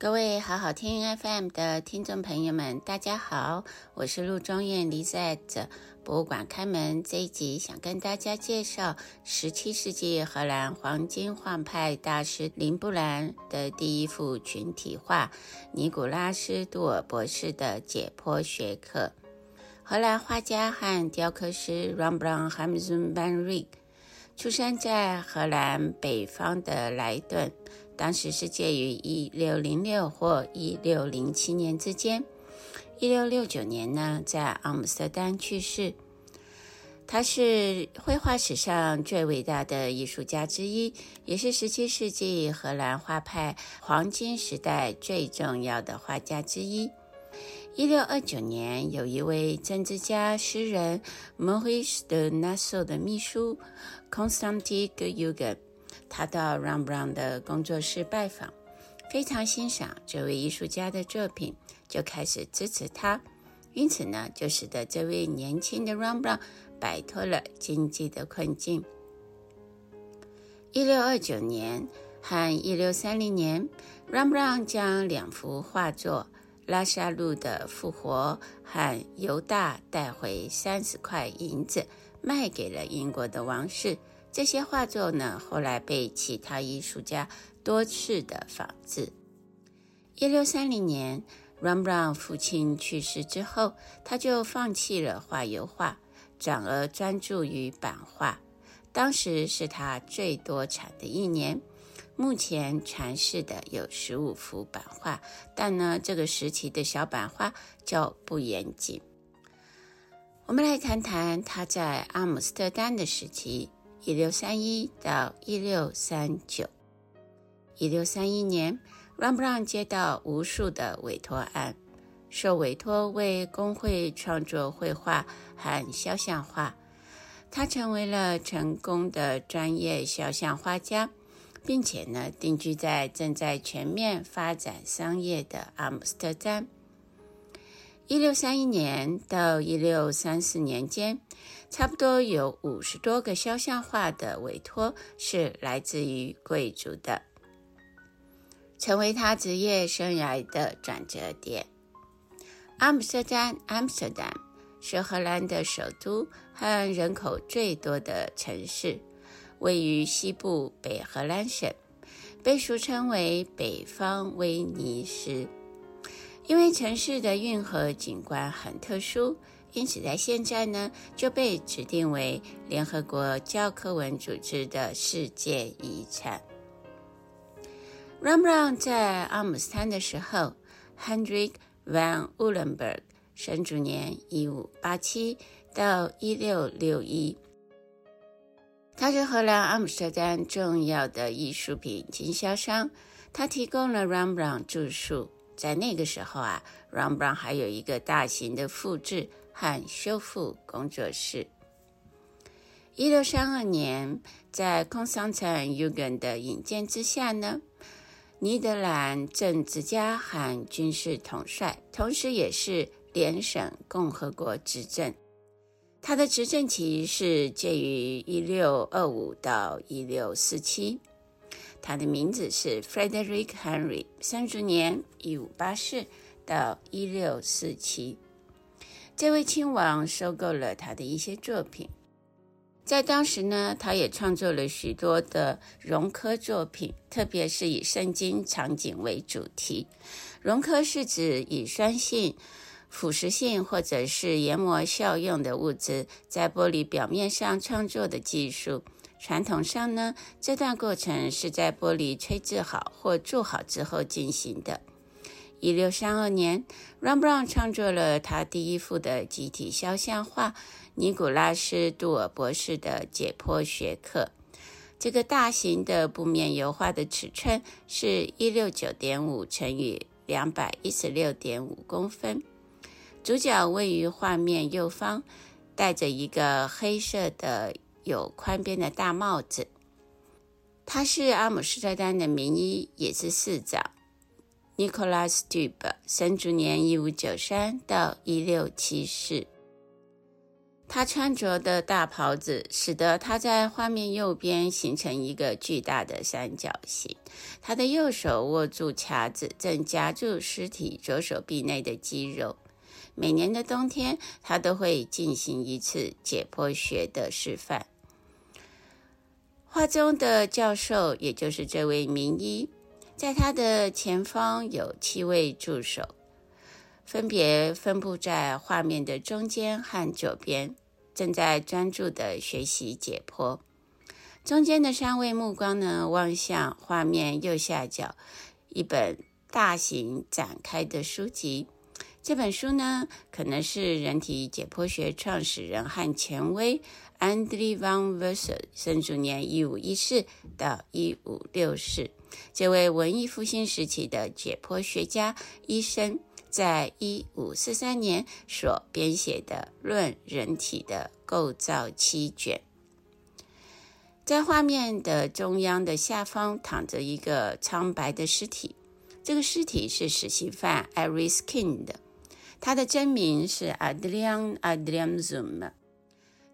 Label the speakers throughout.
Speaker 1: 各位好好聽 FM 的聽眾朋友們，大家好，我是陸中燕。離散者博物館開門這一集，想跟大家介紹十七世紀荷蘭黃金畫派大師林布蘭的第一幅群體畫《尼古拉斯·杜爾博士的解剖學課》。荷蘭畫家和雕刻師 Rembrandt Harmenszoon van Rijn 出生在荷蘭北方的萊頓。當時是介於一六零六或一六零七年之間。一六六九年呢，在阿姆斯特丹去世。他是繪畫史上最偉大的藝術家之一，也是十七世紀荷蘭畫派黃金時代最重要的畫家之一。一六二九年，有一位政治家、詩人、莫里斯的那索的秘書 Constantijn Huygens。Constant 他到 Rembrandt 的工作室拜訪，非常欣賞這位藝術家的作品，就開始支持他。因此呢，就使得這位年輕的 Rembrandt 擺脫了經濟的困境。一六二九年和一六三零年，Rembrandt 將兩幅畫作《拉沙路的復活》和《猶大》帶回三十塊銀子，賣給了英國的王室。這些畫作呢，後來被其他藝術家多次的仿製。一六三零年，Rembrandt 父親去世之後，他就放棄了畫油畫，轉而專注於版畫。當時是他最多產的一年，目前傳世的有十五幅版畫，但呢，這個時期的小版畫較不嚴謹。我們來談談他在阿姆斯特丹的時期。一六三一到一六三九，一六三一年，Rembrandt 接到無數的委托案，受委托為公會創作繪畫和肖像畫，他成為了成功的專業肖像畫家，並且呢定居在正在全面發展商業的阿姆斯特丹。一六三一年到一六三四年間，差不多有五十多個肖像畫的委托是來自於貴族的，成為他職業生涯的轉折點。阿姆斯特丹，Amsterdam 是荷蘭的首都和人口最多的城市，位於西部北荷蘭省，被俗稱為“北方威尼斯”。因為城市的運河景觀很特殊，因此在現在呢就被指定為聯合國教科文組織的世界遺產。Rembrandt 在阿姆斯特丹的時候，Hendrick van Uylenburgh 生卒年，一五八七到一六六一，他是荷蘭阿姆斯特丹重要的藝術品經銷商，他提供了 Rembrandt 住宿。在那個時候啊 Rembrandt 還有一個大型的複製和修復工作室。一六三二年，在 Constantijn Huygens 的引薦之下呢，尼德蘭政治家和軍事統帥，同時也是聯省共和國執政，他的執政期是介於一六二五到一六四七。他的名字是 Frederick Henry，生卒年一五八四到一六四七。這位親王收購了他的一些作品，在當時呢，他也創作了許多的蝕刻作品，特別是以聖經場景為主題。蝕刻是指以酸性、腐蝕性或者是研磨效用的物質在玻璃表面上創作的技術。傳統上呢，這段過程是在玻璃吹製好或鑄好之後進行的。一六三二年，Rembrandt 創作了他第一幅的集體肖像畫《尼古拉斯·杜爾博士的解剖學課》。這個大型的布面油畫的尺寸是一六九點五乘以兩百一十六點五公分。主角位於畫面右方，戴著一個黑色的。有寬邊的大帽子，他是阿姆斯特丹的名醫，也是市長。n i c o l a s u p 生卒年一五九三到一六七四。他穿着的大袍子使得他在畫面右邊形成一個巨大的三角形。他的右手握住卡子，正夾住屍體左手臂內的肌肉。每年的冬天，他都會進行一次解剖學的示範。畫中的教授，也就是這位名醫，在他的前方有七位助手，分別分布在畫面的中間和左邊，正在專注的學習解剖。中間的三位目光呢，望向畫面右下角，一本大型展開的書籍。這本書呢，可能是人體解剖學創始人和權威 Andries van Wesel（ 生卒年一五一四到一五六四），這位文藝復興時期的解剖學家、醫生，在一五四三年所編寫的《論人體的構造》七卷。在畫面的中央的下方躺着一個蒼白的屍體，這個屍體是死刑犯 Aris Kindt 的。他的真名是 Adriaen Adriaenszoon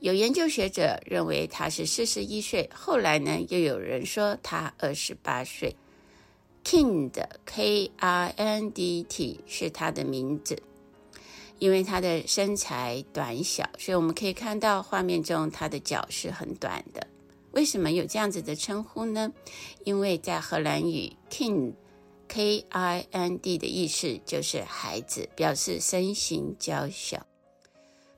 Speaker 1: 有研究學者認為他是四十一歲，後來呢又有人說他二十八歲。Kindt K R N D T 是他的名字，因為他的身材短小，所以我們可以看到畫面中他的腳是很短的。為什麼有這樣子的稱呼呢？因為在荷蘭語，Kind。Kind 的意思就是孩子，表示身形嬌小。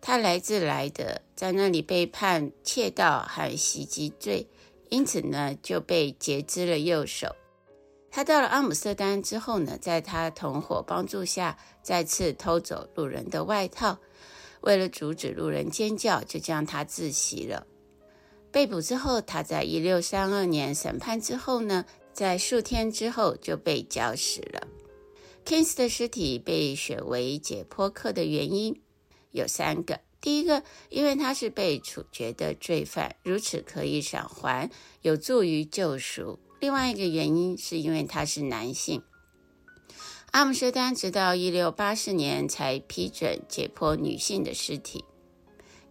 Speaker 1: 他來自萊德，在那裡被判竊盜和襲擊罪，因此呢就被截肢了右手。他到了阿姆斯特丹之後呢，在他同夥幫助下，再次偷走路人的外套，為了阻止路人尖叫，就將他窒息了。被捕之後，他在一六三二年審判之後呢。在數天之後就被絞死了。Kindt 的屍體被選為解剖課的原因有三個：第一個，因為他是被處決的罪犯，如此可以償還有助於救贖；另外一個原因是因為他是男性。阿姆斯特丹直到一六八四年才批准解剖女性的屍體；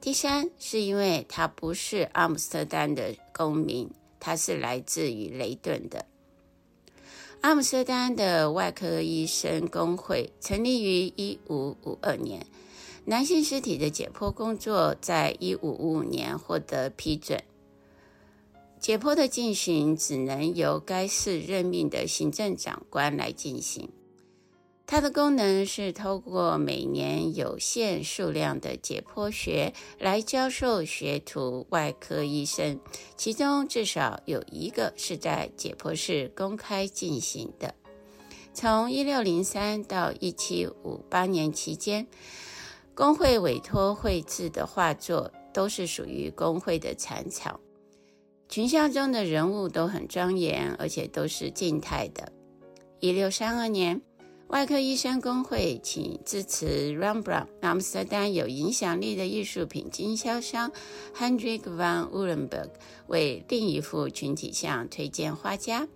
Speaker 1: 第三，是因為他不是阿姆斯特丹的公民，他是來自於雷頓的。阿姆斯特丹的外科醫生工會成立於一五五二年。男性屍體的解剖工作在一五五五年獲得批准。解剖的進行只能由該市任命的行政長官來進行。它的功能是透過每年有限數量的解剖學來教授學徒外科醫生，其中至少有一個是在解剖室公開進行的。從一六零三到一七五八年期間，公會委託繪製的畫作都是屬於公會的財產。群像中的人物都很莊嚴，而且都是靜態的。一六三二年。外科醫生公會請支持 Rembrandt，阿姆斯特丹有影響力的藝術品經銷商 Hendrick van Uylenburgh 為另一幅群體像推薦畫家。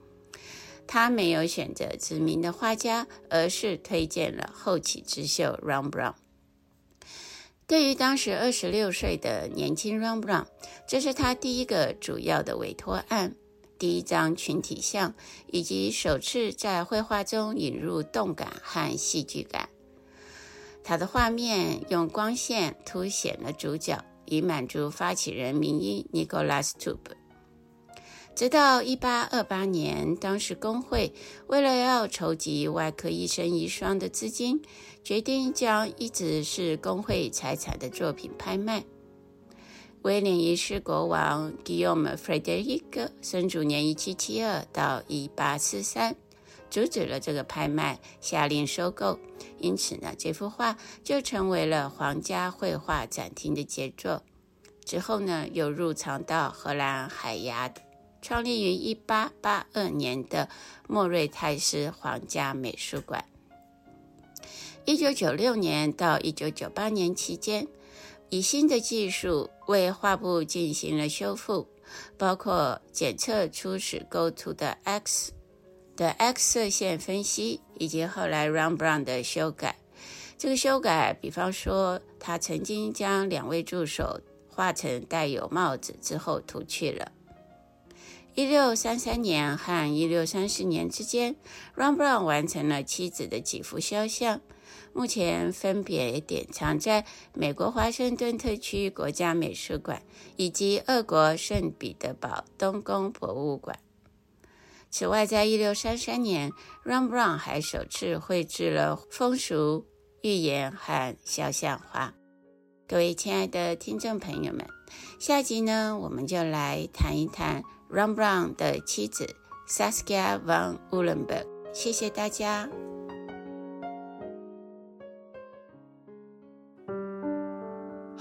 Speaker 1: 他沒有選擇知名的畫家，而是推薦了後起之秀 Rembrandt。對於當時二十六歲的年輕 Rembrandt，這是他第一個主要的委托案。第一張群體像，以及首次在繪畫中引入動感和戲劇感。他的畫面用光線凸顯了主角，以滿足發起人名醫尼古拉斯·杜爾。直到1828年，當時工會為了要籌集外科醫生遺孀的資金，決定將一直是工會財產的作品拍賣。威廉一世國王 Guillaume Frédéric 生卒年，一七七二到一八四三，阻止了這個拍賣，下令收購，因此呢，這幅畫就成為了皇家繪畫展廳的傑作。之後呢，又入藏到荷蘭海牙，創立於一八八二年的莫瑞泰斯皇家美術館。一九九六年到一九九八年期間。以新的技術為畫布進行了修復，包括檢測初始構圖的 X 的 X 射線分析，以及後來 Rembrandt 的修改。這個修改，比方說，他曾經將兩位助手畫成戴有帽子之後塗去了。一六三三年和一六三四年之間，Rembrandt 完成了妻子的幾幅肖像。目前分別典藏在美國華盛頓特區國家美術館以及俄國聖彼得堡冬宮博物館。此外在年，在1633年 Rembrandt 還首次繪制了風俗寓言和肖像畫。各位親愛的聽眾朋友們，下集呢，我們就來談一談 Rembrandt 的妻子 Saskia van Uylenburgh。謝謝大家。